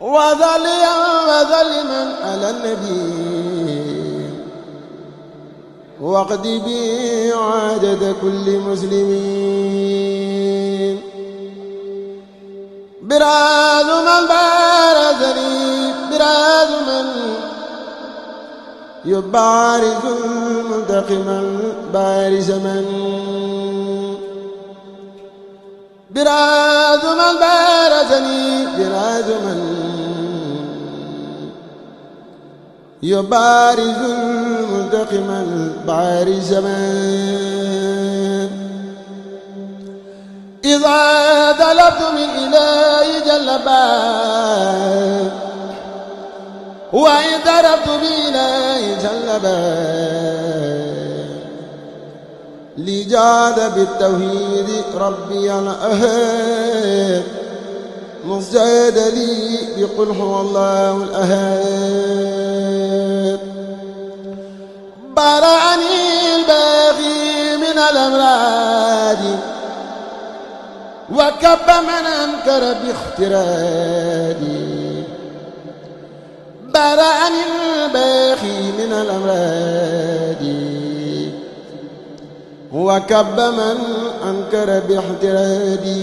وذل وذلما على النبي واقض بي عدد كل مسلمين براز من بارزني براز من يبارز منتقما بارز من براز من بارزني براز من يبارز المنتقم البارز إذا دلت من إلهي جل بار وإن دربت بإلهي جل بار لجاد بالتوحيد ربي الأهل مزاد لي بقل هو الله الأهل الأمراض وكب من أنكر باخترادي برأني الباخي من الأمراض وكب من أنكر باحترادي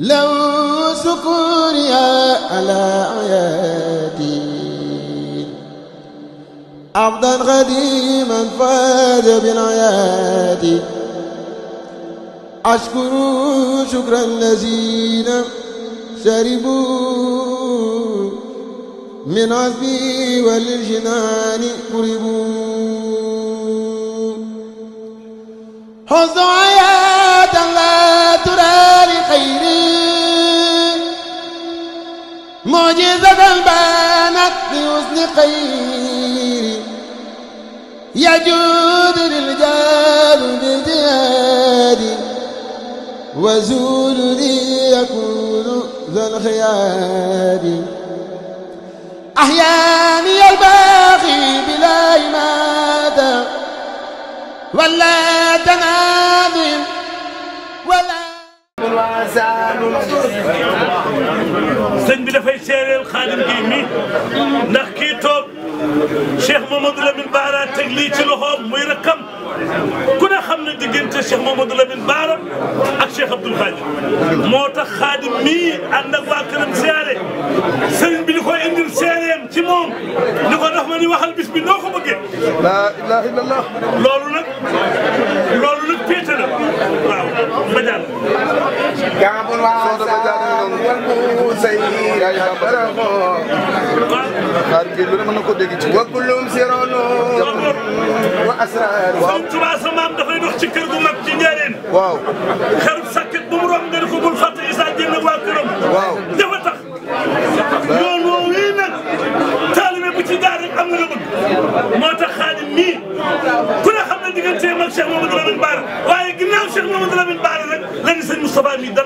لو سكورها على عبدا قديما فاز بالعياد أشكر شكرا الذين شربوا من عزبي وللجنان قربوا حظ حياة لا ترى لخيري معجزة بانت بحسن خيري يجود الرجال بجهادي وزول لي يكون ذا الخيار أحياني الباقي بلا إماتة ولا تنادم ولا sëñ bi dafay seereel xaadim gi mi ndax kii toog Cheikh Mamadou Lamine Baara teg lii ci loxoom muy rakkam ku ne xam ne diggante Cheikh Mamadou Lamine Baara ak Cheikh Abdoul Khadim moo tax Khadim mii ànd ak waa këram siyaare sëriñ bi di ko indil seereem ci moom ni ko dox ma ni waxal bis bi noo ko bëggee. la ilaha illallah. loolu nag. كعب وعسى والكوسين حضره وكلهم سر وأسرار Sëriñ Tuubaa sa maam dafay dox ci kër gu mag ci njëriñ waaw xarub sakkat bu mu romb nga ne ko bul fàtte Isaa Jéen waa këram waaw dafa tax yoon woowu wii nag taalibe bu ci jaar rek am nga la bëgg moo tax Xaadim mii ku ne xam na digganteem ak Cheikh Mamadou Lamine Bara waaye ginnaaw Cheikh Mamadou Lamine Bara Moustapha mi